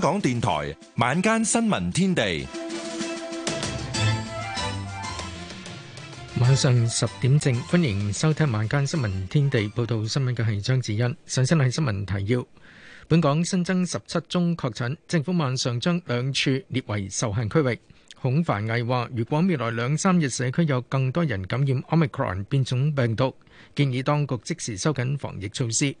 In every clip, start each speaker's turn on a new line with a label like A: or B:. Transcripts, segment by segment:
A: 港電台晚間新聞天地，晚上十點正，歡迎收聽晚間新聞天地。報道新聞嘅係張子欣，首先係新聞提要：本港新增十七宗確診，政府晚上將兩處列為受限區域。孔繁毅話，如果未來兩三日社區有更多人感染 omicron 變種病毒，建議當局即時收緊防疫措施。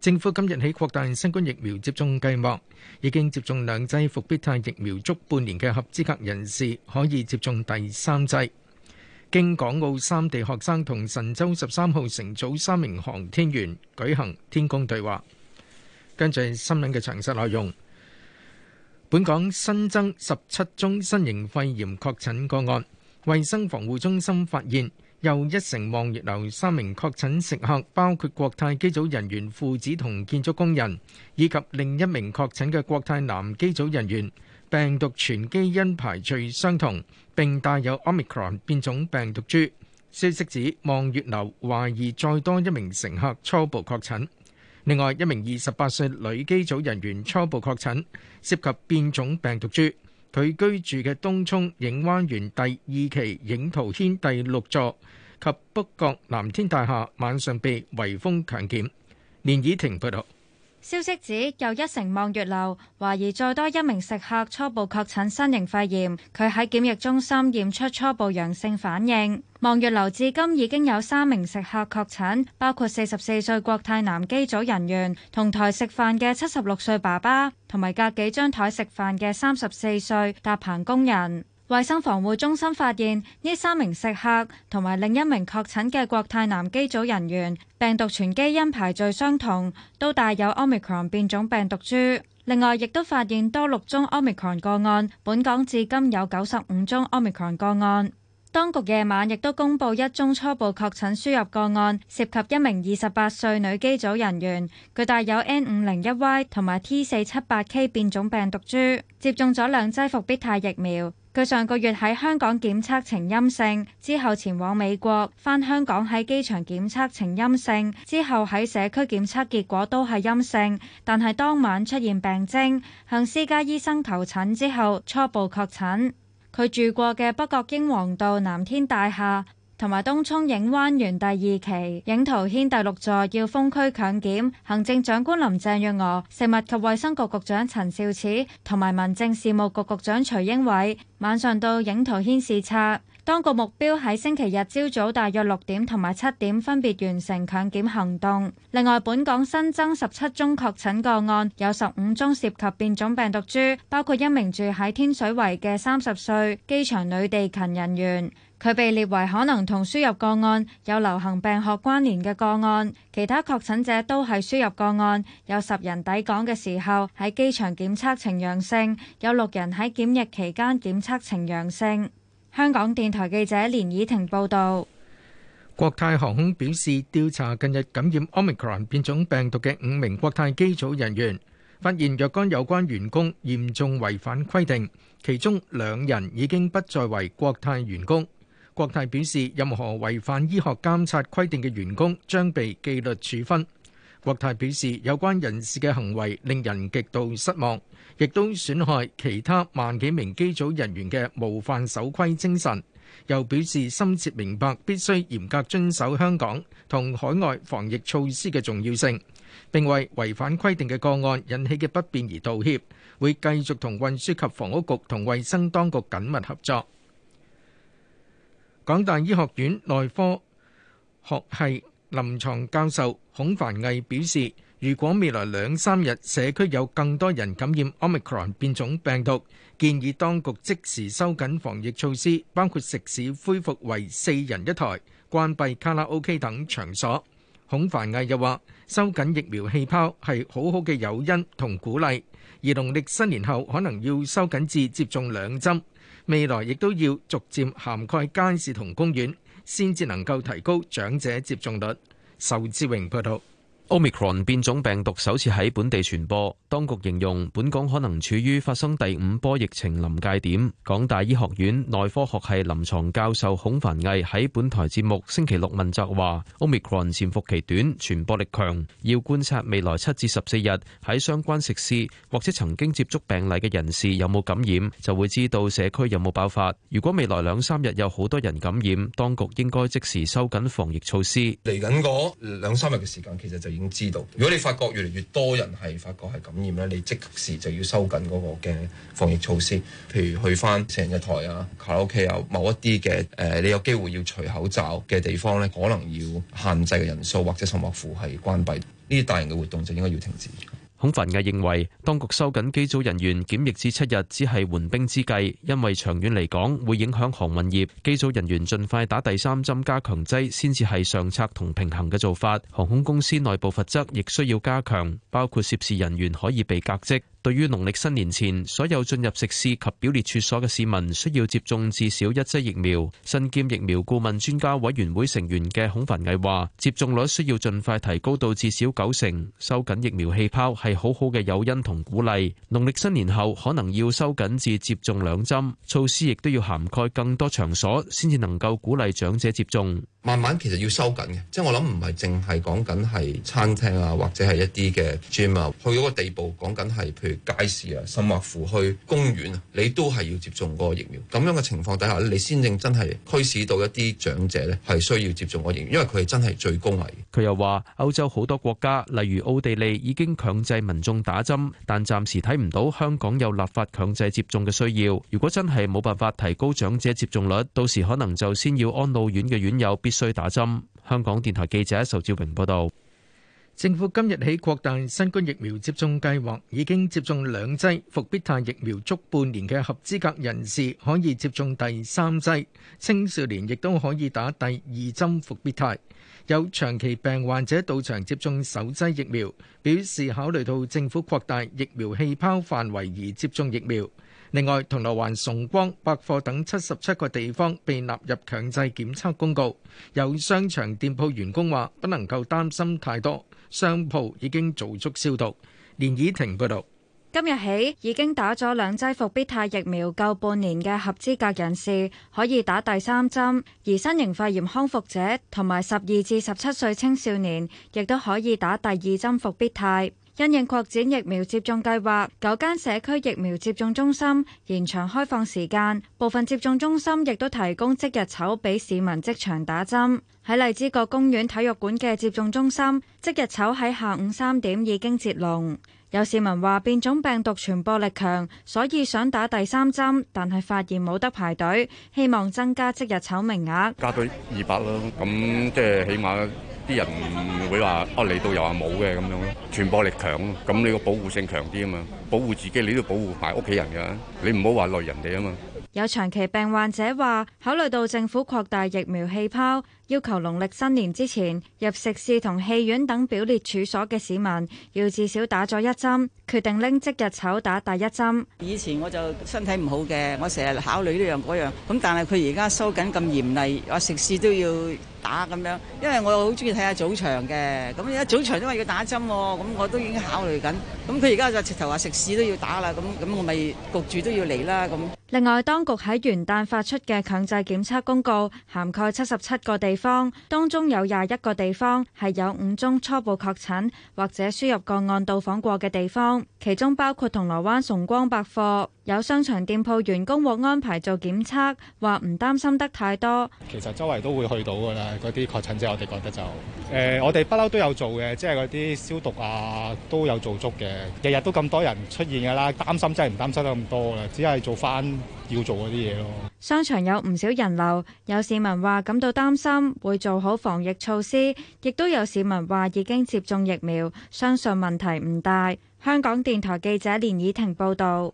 A: 政府今日起擴大新冠疫苗接種計劃，已經接種兩劑復必泰疫苗足半年嘅合資格人士，可以接種第三劑。京港澳三地學生同神舟十三號乘組三名航天員舉行天宮對話。跟住新聞嘅詳細內容，本港新增十七宗新型肺炎確診個案，衛生防護中心發現又一城望月樓三名確診食客，包括國泰機組人員父子同建築工人，以及另一名確診嘅國泰男機組人員，病毒全基因排序相同，並帶有 Omicron 變種病毒株。消息指望月樓懷疑再多一名乘客初步確診，另外一名二十八歲女機組人員初步確診，涉及變種病毒株。佢居住嘅東涌影灣園第二期影圖軒第六座及北角藍天大廈晚上被圍封強檢，連以婷報道。
B: 消息指，又一城望月樓懷疑再多一名食客初步確診新型肺炎，佢喺檢疫中心驗出初步陽性反應。望月樓至今已經有三名食客確診，包括四十四歲國泰男機組人員同台食飯嘅七十六歲爸爸，同埋隔幾張台食飯嘅三十四歲搭棚工人。衛生防護中心發現呢三名食客同埋另一名確診嘅國泰男機組人員病毒全基因排序相同，都帶有 omicron 變種病毒株。另外，亦都發現多六宗 omicron 個案，本港至今有九十五宗 omicron 個案。當局夜晚亦都公布一宗初步確診輸入個案，涉及一名二十八歲女機組人員，佢帶有 n 五零一 y 同埋 t 四七八 k 變種病毒株，接種咗兩劑伏必泰疫苗。佢上個月喺香港檢測呈陰性，之後前往美國，返香港喺機場檢測呈陰性，之後喺社區檢測結果都係陰性，但係當晚出現病徵，向私家醫生求診之後初步確診。佢住過嘅北角英皇道藍天大廈。同埋東涌影灣園第二期、影圖軒第六座要封區強檢，行政長官林鄭月娥、食物及衛生局局長陳肇始同埋民政事務局局長徐英偉晚上到影圖軒視察，當局目標喺星期日朝早大約六點同埋七點分別完成強檢行動。另外，本港新增十七宗確診個案，有十五宗涉及變種病毒株，包括一名住喺天水圍嘅三十歲機場女地勤人員。佢被列為可能同輸入個案有流行病學關聯嘅個案，其他確診者都係輸入個案。有十人抵港嘅時候喺機場檢測呈陽性，有六人喺檢疫期間檢測呈陽性。香港電台記者連倚婷報導。
A: 國泰航空表示，調查近日感染 Omicron 變種病毒嘅五名國泰機組人員，發現若干有關員工嚴重違反規定，其中兩人已經不再為國泰員工。國泰表示，任何違反醫學監察規定嘅員工將被紀律處分。國泰表示，有關人士嘅行為令人極度失望，亦都損害其他萬幾名機組人員嘅模範守規精神。又表示深切明白必須嚴格遵守香港同海外防疫措施嘅重要性，並為違反規定嘅個案引起嘅不便而道歉。會繼續同運輸及房屋局同衛生當局緊密合作。港大醫學院內科學系臨床教授孔凡毅表示，如果未來兩三日社區有更多人感染 Omicron 變種病毒，建議當局即時收緊防疫措施，包括食肆恢復為四人一台、關閉卡拉 OK 等場所。孔凡毅又話，收緊疫苗氣泡係好好嘅誘因同鼓勵，而農曆新年後可能要收緊至接種兩針。未來亦都要逐漸涵蓋街市同公園，先至能夠提高長者接種率。仇志榮報導。Omicron 變
C: 種病毒首次喺本地傳播，當局形容本港可能處於發生第五波疫情臨界點。港大醫學院內科學系臨牀教授孔凡毅喺本台節目星期六問責話：Omicron 潛伏期短、傳播力強，要觀察未來七至十四日喺相關食肆或者曾經接觸病例嘅人士有冇感染，就會知道社區有冇爆發。如果未來兩三日有好多人感染，當局應該即時收緊防疫措施。嚟緊嗰兩三日嘅時間，其實就知道，如果你發覺越嚟越多人係發覺係感染咧，你即時就要收緊嗰個嘅防疫措施，譬如去返成日台啊、卡拉 OK 啊、某一啲嘅誒，你有機會要除口罩嘅地方咧，可能要限制嘅人數，或者甚至乎係關閉，呢啲大型嘅活動，就應該要停止。孔凡毅認為，當局收緊機組人員檢疫至七日，只係緩兵之計，因為長遠嚟講會影響航運業。機組人員盡快打第三針加強劑，先至係上策同平衡嘅做法。航空公司內部罰則亦需要加強，包括涉事人員可以被革職。對於農曆新年前所有進入食肆及表列處所嘅市民，需要接種至少一劑疫苗。身兼疫苗顧問專家委員會成員嘅孔繁毅話，接種率需要盡快提高到至，至少九成。收緊疫苗氣泡係好好嘅誘因同鼓勵。農曆新年後可能要收緊至接種兩針，措施亦都要涵蓋更多場所，先至能夠鼓勵長者接種。慢慢其實要收緊嘅，即係我諗唔係淨係講緊係餐廳啊，或者係一啲嘅 gym 啊，去到個地步講緊係。街市啊，甚或乎去公園啊，你都係要接種嗰個疫苗。咁樣嘅情況底下你先正真係驅使到一啲長者咧，係需要接種個疫苗，因為佢係真係最高危。佢又話，歐洲好多國家，例如奧地利已經強制民眾打針，但暫時睇唔到香港有立法強制接種嘅需要。如果真係冇辦法提高長者接種率，到時可能就先要安老院嘅院友必須打針。香港電台記者仇志榮報道。
A: 政府今日起擴大新冠疫苗接種計劃，已經接種兩劑復必泰疫苗足半年嘅合資格人士可以接種第三劑，青少年亦都可以打第二針復必泰。有長期病患者到場接種首劑疫苗，表示考慮到政府擴大疫苗氣泡範圍而接種疫苗。另外，銅鑼灣崇光百貨等七十七個地方被納入強制檢測公告。有商場店鋪員工話：不能夠擔心太多。商鋪已經做足消毒。連以婷報導，
B: 今日起已經打咗兩劑復必泰疫苗夠半年嘅合資格人士可以打第三針，而新型肺炎康復者同埋十二至十七歲青少年亦都可以打第二針復必泰。因應擴展疫苗接種計劃，九間社區疫苗接種中心延長開放時間，部分接種中心亦都提供即日抽俾市民即場打針。喺荔枝角公園體育館嘅接種中心，即日抽喺下午三點已經截龍。有市民話變種病毒傳播力強，所以想打第三針，但係發現冇得排隊，希望增加即日抽名額。加
D: 到二百啦，咁即係起碼。啲人唔會話，你嚟到又話冇嘅咁樣咯，傳播力強咯，咁你個保護性強啲啊嘛，保護自己你都要保護埋屋企人㗎，你唔好話累人哋啊嘛。
B: 有長期病患者話，考慮到政府擴大疫苗氣泡，要求農曆新年之前入食肆同戲院等表列處所嘅市民，要至少打咗一針。決定拎即日籌打第一針。
E: 以前我就身體唔好嘅，我成日考慮呢樣嗰樣。咁但係佢而家收緊咁嚴厲，話食肆都要打咁樣。因為我好中意睇下早場嘅，咁而家早場因為要打針，咁我都已經考慮緊。咁佢而家就直頭話食肆都要打啦，咁咁我咪焗住都要嚟啦。
B: 咁另外，當局喺元旦發出嘅強制檢測公告涵蓋七十七個地方，當中有廿一個地方係有五宗初步確診或者輸入個案到訪過嘅地方。其中包括銅鑼灣崇光百貨。有商場店鋪員工獲安排做檢測，話唔擔心得太多。
D: 其實周圍都會去到㗎啦，嗰啲確診者，我哋覺得就誒、呃，我哋不嬲都有做嘅，即係嗰啲消毒啊都有做足嘅。日日都咁多人出現㗎啦，擔心真係唔擔心得咁多啦，只係做返要做嗰啲嘢咯。
B: 商場有唔少人流，有市民話感到擔心，會做好防疫措施，亦都有市民話已經接種疫苗，相信問題唔大。香港電台記者連以婷報導。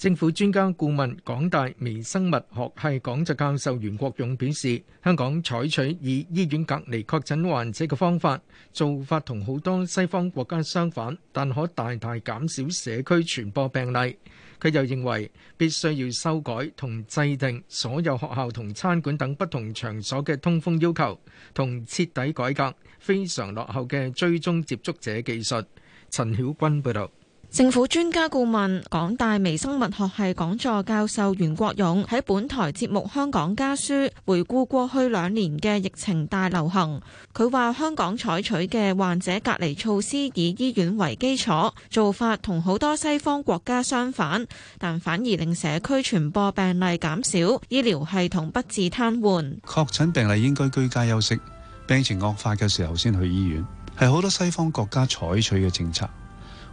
B: 政
A: 府專家顧問、港大微生物學系講座教授袁國勇表示，香港採取以醫院隔離確診患者嘅方法，做法同好多西方國家相反，但可大大減少社區傳播病例。佢又認為必須要修改同制定所有學校同餐館等不同場所嘅通風要求，同徹底改革非常落後嘅追蹤接觸者技術。陳曉君報道。
E: 政府專家顧問、港大微生物學系講座教授袁國勇喺本台節目《香港家書》回顧過去兩年嘅疫情大流行。佢話：香港採取嘅患者隔離措施以醫院為基礎，做法同好多西方國家相反，但反而令社區傳播病例減少，醫療系統不致癱瘓。
D: 確診病例應該居家休息，病情惡化嘅時候先去醫院，係好多西方國家採取嘅政策。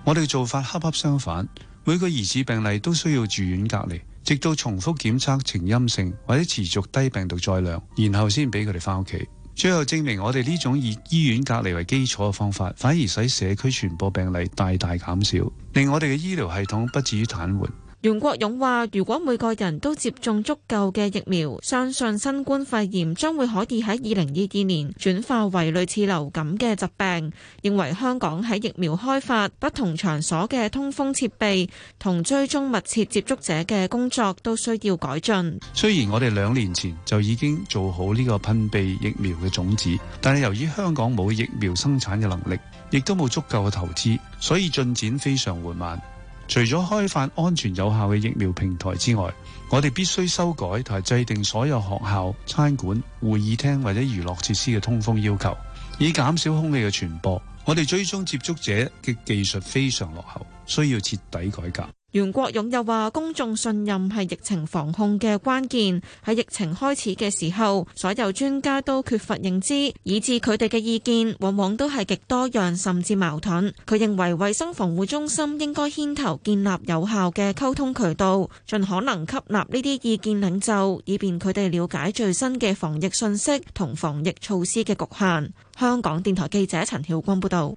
D: 我哋做法恰恰相反，每個疑似病例都需要住院隔離，直到重複檢測呈陰性或者持續低病毒載量，然後先俾佢哋翻屋企。最後證明我哋呢種以醫院隔離為基礎嘅方法，反而使社區傳播病例大大減少，令我哋嘅醫療系統不至於癱瘓。
E: 袁國勇話：如果每個人都接種足夠嘅疫苗，相信新冠肺炎將會可以喺二零二二年轉化為類似流感嘅疾病。認為香港喺疫苗開發不同場所嘅通風設備同追蹤密切接觸者嘅工作都需要改進。
D: 雖然我哋兩年前就已經做好呢個噴鼻疫苗嘅種子，但係由於香港冇疫苗生產嘅能力，亦都冇足夠嘅投資，所以進展非常緩慢。除咗開發安全有效嘅疫苗平台之外，我哋必須修改同制定所有學校、餐館、會議廳或者娛樂設施嘅通風要求，以減少空氣嘅傳播。我哋追蹤接觸者嘅技術非常落後，需要徹底改革。
E: 袁國勇又話：公眾信任係疫情防控嘅關鍵。喺疫情開始嘅時候，所有專家都缺乏認知，以致佢哋嘅意見往往都係極多樣甚至矛盾。佢認為衛生防護中心應該牽頭建立有效嘅溝通渠道，盡可能吸納呢啲意見領袖，以便佢哋了解最新嘅防疫信息同防疫措施嘅局限。香港電台記者陳曉光報道。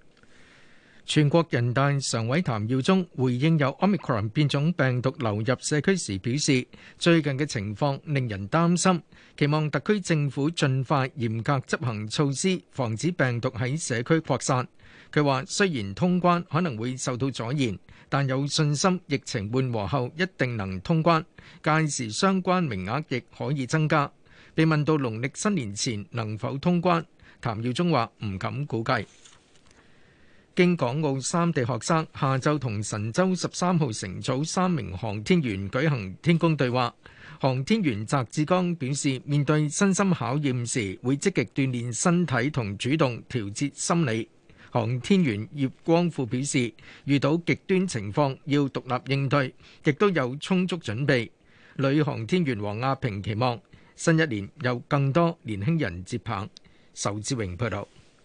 A: 全國人大常委譚耀宗回應有 Omicron 變種病毒流入社區時表示，最近嘅情況令人擔心，期望特區政府盡快嚴格執行措施，防止病毒喺社區擴散。佢話雖然通關可能會受到阻延，但有信心疫情緩和後一定能通關，屆時相關名額亦可以增加。被問到農曆新年前能否通關，譚耀宗話唔敢估計。京港澳三地學生下晝同神舟十三號乘組三名航天員舉行天宮對話。航天員翟志剛表示，面對身心考驗時，會積極鍛鍊身體同主動調節心理。航天員葉光富表示，遇到極端情況要獨立應對，亦都有充足準備。女航天員王亞平期望新一年有更多年輕人接棒。仇志榮報道。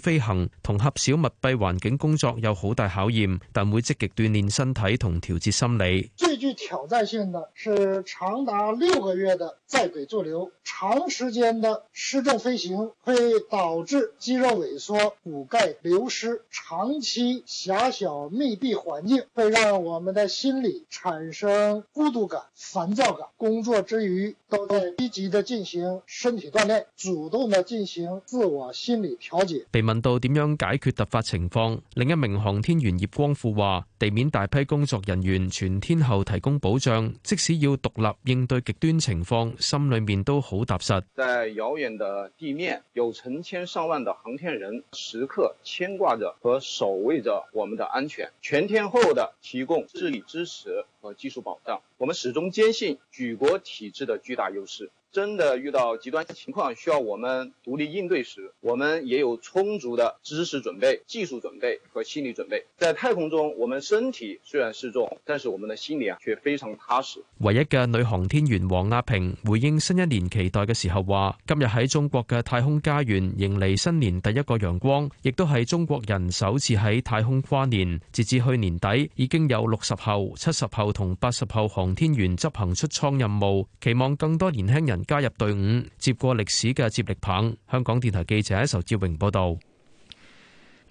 C: 飛行同狹小密閉環境工作有好大考驗，但會積極鍛煉身體同調節心理。
A: 最具挑戰性的
D: 是長達六個月的在軌駐留，長時間的失重飛行會導致肌肉萎縮、骨鈣流失。長期狹小密閉環境會讓我們的心理產生孤獨感、
A: 煩躁感。工作之餘都在積極的進行身體鍛煉，主動的進行自我心理調節。
C: 問到點樣解決突發情況，另一名航天員葉光富話：地面大批工作人員全天候提供保障，即使要獨立應對極端情況，心裏面都好踏實。
D: 在遙遠的地面，有成千上萬的航天人時刻牽掛着和守衛着我們的安全，全天候的提供智力支持和技術保障。我們始終堅信舉國體制的巨大優勢。真的遇到極端情況，需要我們獨立應對時，我們也有充足的知識準備、技術準備和心理準備。在太空中，我們身體雖然失重，但是我們的心裏啊却非常踏實。
C: 唯一嘅女航天員王亞平回應新一年期待嘅時候話：今日喺中國嘅太空家園迎嚟新年第一個陽光，亦都係中國人首次喺太空跨年。截至去年底，已經有六十後、七十後同八十後航天員執行出艙任務，期望更多年輕人。加入隊伍，接過歷史嘅接力棒。香港電台記者仇志榮報道：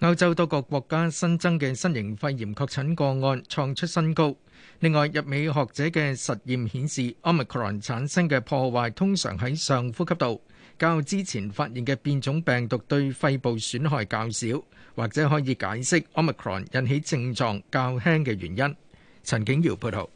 A: 歐洲多個國家新增嘅新型肺炎確診個案創出新高。另外，日美學者嘅實驗顯示，Omicron 產生嘅破壞通常喺上呼吸道，較之前發現嘅變種病毒對肺部損害較少，或者可以解釋 Omicron 引起症狀較輕嘅原因。陳景耀報導。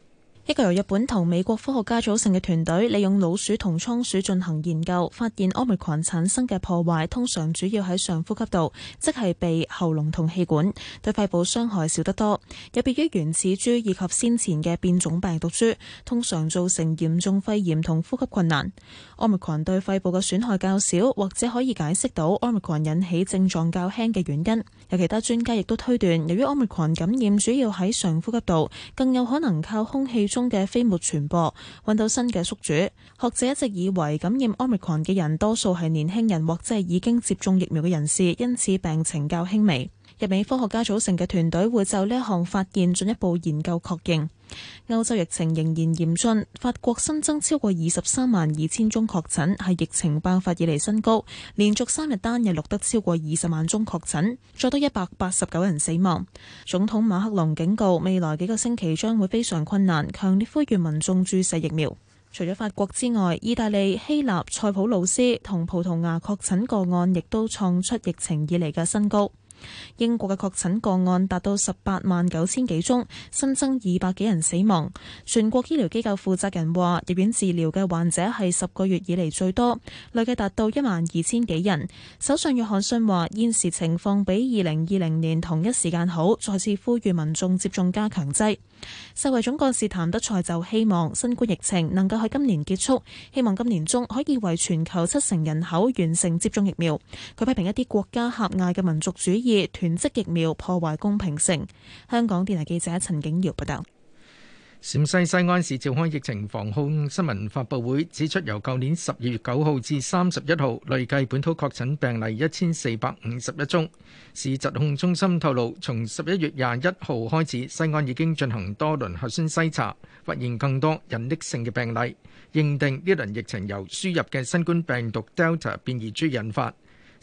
F: 一個由日本同美國科學家組成嘅團隊，利用老鼠同倉鼠進行研究，發現 Omicron 產生嘅破壞通常主要喺上呼吸道，即係鼻、喉嚨同氣管，對肺部傷害少得多。有別於原始株以及先前嘅變種病毒株，通常造成嚴重肺炎同呼吸困難。Omicron 對肺部嘅損害較少，或者可以解釋到 Omicron 引起症狀較輕嘅原因。有其他專家亦都推斷，由於 Omicron 感染主要喺上呼吸道，更有可能靠空氣。中嘅飛沫傳播，揾到新嘅宿主。學者一直以為感染 Omicron 嘅人多數係年輕人，或者係已經接種疫苗嘅人士，因此病情較輕微。日美科學家組成嘅團隊會就呢一項發現進一步研究確認。歐洲疫情仍然嚴峻，法國新增超過二十三萬二千宗確診，係疫情爆發以嚟新高，連續三日單日錄得超過二十萬宗確診，再多一百八十九人死亡。總統馬克龍警告，未來幾個星期將會非常困難，強烈呼籲民眾注射疫苗。除咗法國之外，意大利、希臘、塞浦路斯同葡萄牙確診個案亦都創出疫情以嚟嘅新高。英國嘅確診個案達到十八萬九千幾宗，新增二百幾人死亡。全國醫療機構負責人話，入院治療嘅患者係十個月以嚟最多，累計達到一萬二千幾人。首相約翰遜話，現時情況比二零二零年同一時間好，再次呼籲民眾接種加強劑。世衛總幹事譚德賽就希望新冠疫情能夠喺今年結束，希望今年中可以為全球七成人口完成接種疫苗。佢批評一啲國家狹隘嘅民族主義囤積疫苗，破壞公平性。香港電台記者陳景堯報道。
A: 陝西西安市召開疫情防控新聞發佈會，指出由舊年十二月九號至三十一號，累計本土確診病例一千四百五十一宗。市疾控中心透露，從十一月廿一號開始，西安已經進行多輪核酸篩查，發現更多隱匿性嘅病例，認定呢輪疫情由輸入嘅新冠病毒 Delta 變異株引發。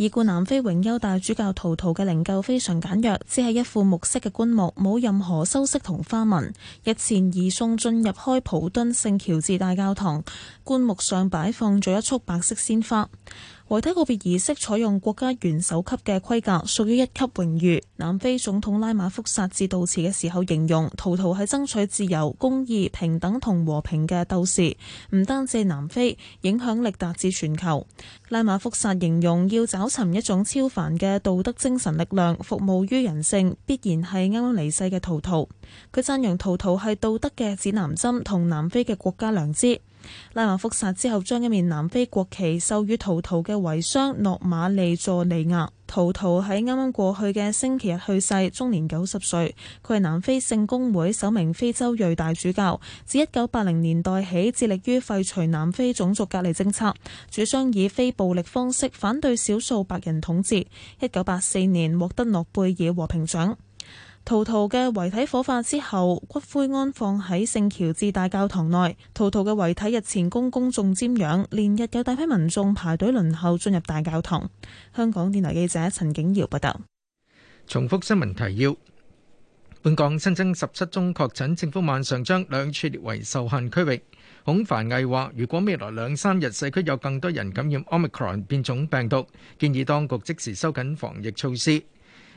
F: 已故南非榮休大主教圖圖嘅靈柩非常簡約，只係一副木色嘅棺木，冇任何修飾同花紋。日前移送進入開普敦聖喬治大教堂，棺木上擺放咗一束白色鮮花。遺體告別儀式採用國家元首級嘅規格，屬於一級榮譽。南非總統拉馬福薩致悼詞嘅時候形容，圖圖係爭取自由、公義、平等同和、和平嘅鬥士，唔單止南非，影響力達至全球。拉馬福薩形容要找尋一種超凡嘅道德精神力量，服務於人性，必然係啱啱離世嘅圖圖。佢讚揚圖圖係道德嘅指南針同南非嘅國家良知。拉馬福沙之後，將一面南非國旗授予圖圖嘅遺孀諾馬利佐尼亞。圖圖喺啱啱過去嘅星期日去世，終年九十歲。佢係南非聖公會首名非洲裔大主教，自一九八零年代起致力於廢除南非種族隔離政策，主張以非暴力方式反對少數白人統治。一九八四年獲得諾貝爾和平獎。陶陶嘅遺體火化之後，骨灰安放喺聖喬治大教堂內。陶陶嘅遺體日前供公眾瞻仰，連日有大批民眾排隊輪候進入大教堂。香港電台記者陳景瑤報道。
A: 重複新聞提要，本港新增十七宗確診，政府晚上將兩處列為受限區域。孔繁毅話，如果未來兩三日社區有更多人感染 Omicron 變種病毒，建議當局即時收緊防疫措施。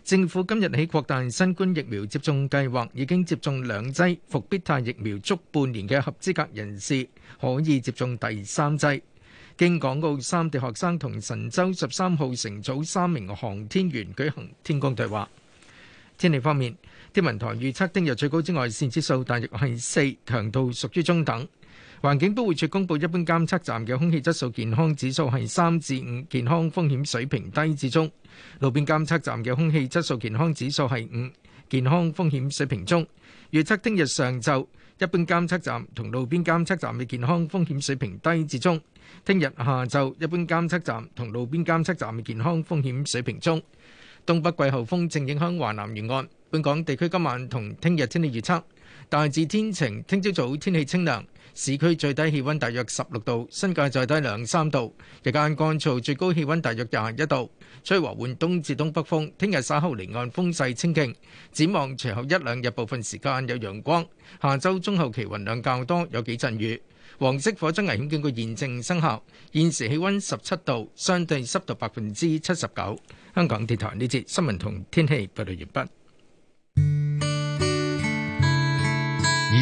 A: 政府今日起擴大新冠疫苗接種計劃，已經接種兩劑復必泰疫苗足半年嘅合資格人士，可以接種第三劑。京港澳三地學生同神舟十三號乘組三名航天員舉行天宮對話。天氣方面，天文台預測聽日最高紫外線指數大約係四，強度屬於中等。環境保護署公布一般監測站嘅空氣質素健康指數係三至五，健康風險水平低至中；路邊監測站嘅空氣質素健康指數係五，健康風險水平中。預測聽日上晝一般監測站同路邊監測站嘅健康風險水平低至中；聽日下晝一般監測站同路邊監測站嘅健康風險水平中。東北季候風正影響華南沿岸，本港地區今晚同聽日天氣預測大致天晴，聽朝早天氣清涼。市區最低氣溫大約十六度，新界再低兩三度。日間乾燥，最高氣溫大約廿一度。吹和緩東至東北風。聽日稍後離岸風勢清勁，展望隨後一兩日部分時間有陽光。下周中後期雲量較多，有幾陣雨。黃色火災危險警告現正生效。現時氣溫十七度，相對濕度百分之七十九。香港電台呢節新聞同天氣報道完畢。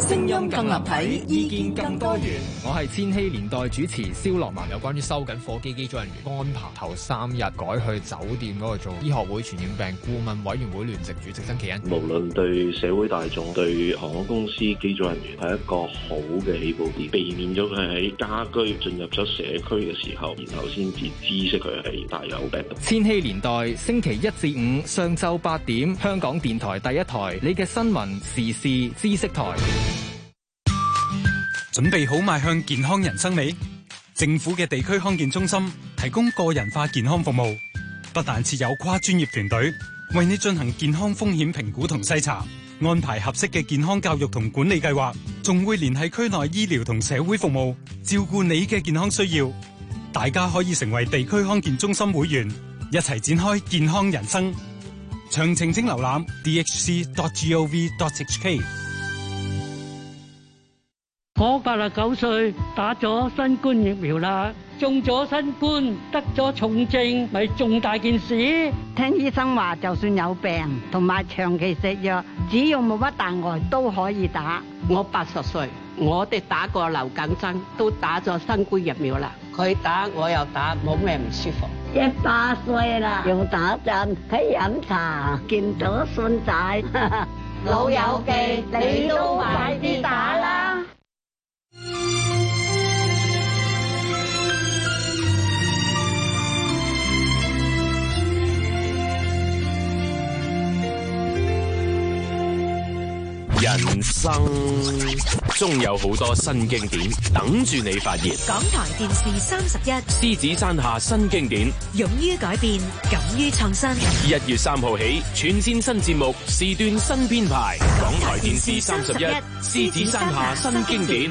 D: 聲音更立體，意見
A: 更多元。我係
C: 千禧年代主持蕭羅曼，有關於收緊貨機機組人員安排，頭三日改去酒店嗰度做醫學會傳染病顧問委員會聯席主席曾祈殷。人。
D: 無論對社會大眾，對航空公司機組人員係一個好嘅起步點，避免咗佢喺
C: 家居進入咗社區嘅時候，然後先至知悉佢係帶有病毒。千禧年代星期一至五上晝八點，香港電台第一台，你嘅新
D: 聞時事知識台。準備好邁向健康人生未？政府嘅地區康健中心提供個人化健康服務，不但設有跨專業團隊，為你進行健康風險評估同篩查，安排合適嘅健康教育同管理計劃，仲會聯繫區內醫療同社會服務，照顧你嘅健康需要。大家可以成為地區康健中心會員，一齊展開健康人生。詳情請瀏覽 dhc.gov.hk。我八十九歲，打咗新冠疫苗啦，中咗新冠，得咗重症，咪重大件事。聽醫生話，就算有病同埋長期食藥，只要冇乜大礙都可以打。我八十歲，我哋打過流感針，都
E: 打咗新冠疫苗啦。佢打，我又打，冇咩唔舒服。一百歲啦，要打針，喺飲茶，見到孫仔。老
F: 友
B: 記，你都快啲打啦！
C: 人生中有好多新經典等住你發現。
E: 港台電視三十一，
C: 獅子山下新經典，
E: 勇於改變，敢於創新。
C: 一月三號起，全線新節目，時段新編排。
E: 港台電視三十一，獅子山下新經典。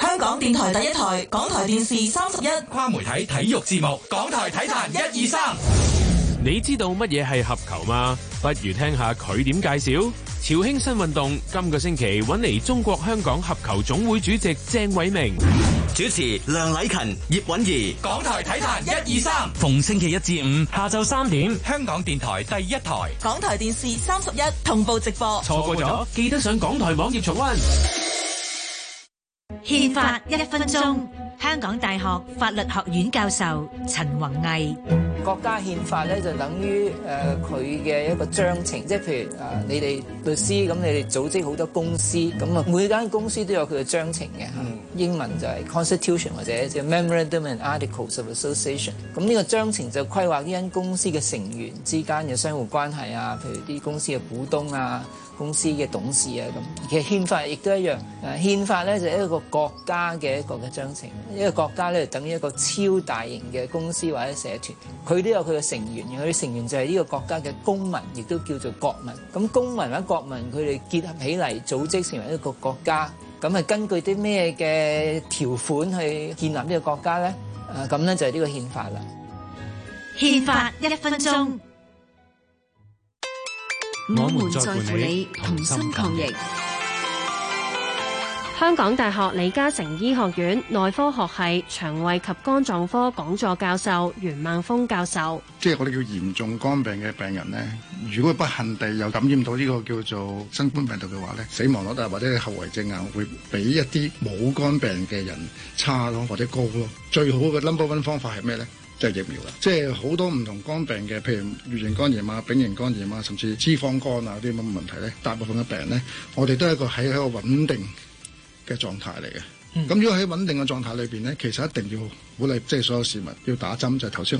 E: 香港電台第一台，港台電視三十一，跨媒
D: 體體育節目，港台體壇一二三。1, 2,
C: 你知道乜嘢係合球嗎？不如聽下佢點介紹。朝興新運動今、這個星期揾嚟，中國香港合球總會主席鄭偉明主持，梁禮勤、葉韻儀。港
B: 台體壇一二三
C: ，1, 2, 逢星期一至五下晝三點，香港電台第一台，
F: 港台電視三十一同步直播。錯過咗，記得上港
C: 台網頁重溫。
F: 憲法一一分鐘，香港大學法律學院教授陳弘
E: 毅。國家憲法咧就等於誒佢嘅一個章程，即係譬如啊，你哋律師咁，你哋組織好多公司咁啊，每間公司都有佢嘅章程嘅吓。英文就係 constitution 或者即係 memorandum and articles of association。咁呢個章程就規劃呢間公司嘅成員之間嘅相互關係啊，譬如啲公司嘅股東啊。公司嘅董事啊，咁其實憲法亦都一樣。憲法咧就係一個國家嘅一個嘅章程，一個國家咧等於一個超大型嘅公司或者社團，佢都有佢嘅成員，佢嘅成員就係呢個國家嘅公民，亦都叫做國民。咁公民或者國民佢哋結合起嚟組織成為一個國家，咁係根據啲咩嘅條款去建立呢個國家咧？啊，咁咧就係呢個憲法啦。憲
C: 法一分鐘。
F: 我們在乎你，同心抗疫。香港大學李嘉誠醫學院內科學系腸胃及肝臟科講座教授袁
D: 孟峰教授，即係我哋叫嚴重肝病嘅病人咧，如果不幸地又感染到呢個叫做新冠病毒嘅話咧，死亡率啊或者後遺症啊，會比一啲冇肝病嘅人差咯，或者高咯。最好嘅 number one 方法係咩咧？即係疫苗啦，即係好多唔同肝病嘅，譬如乙型肝炎啊、丙型肝炎啊，甚至脂肪肝啊嗰啲咁嘅問題咧，大部分嘅病人咧，我哋都係一個喺一個穩定嘅狀態嚟嘅。咁如果喺穩定嘅狀態裏邊咧，其實一定要鼓勵即係所有市民要打針，就係頭先。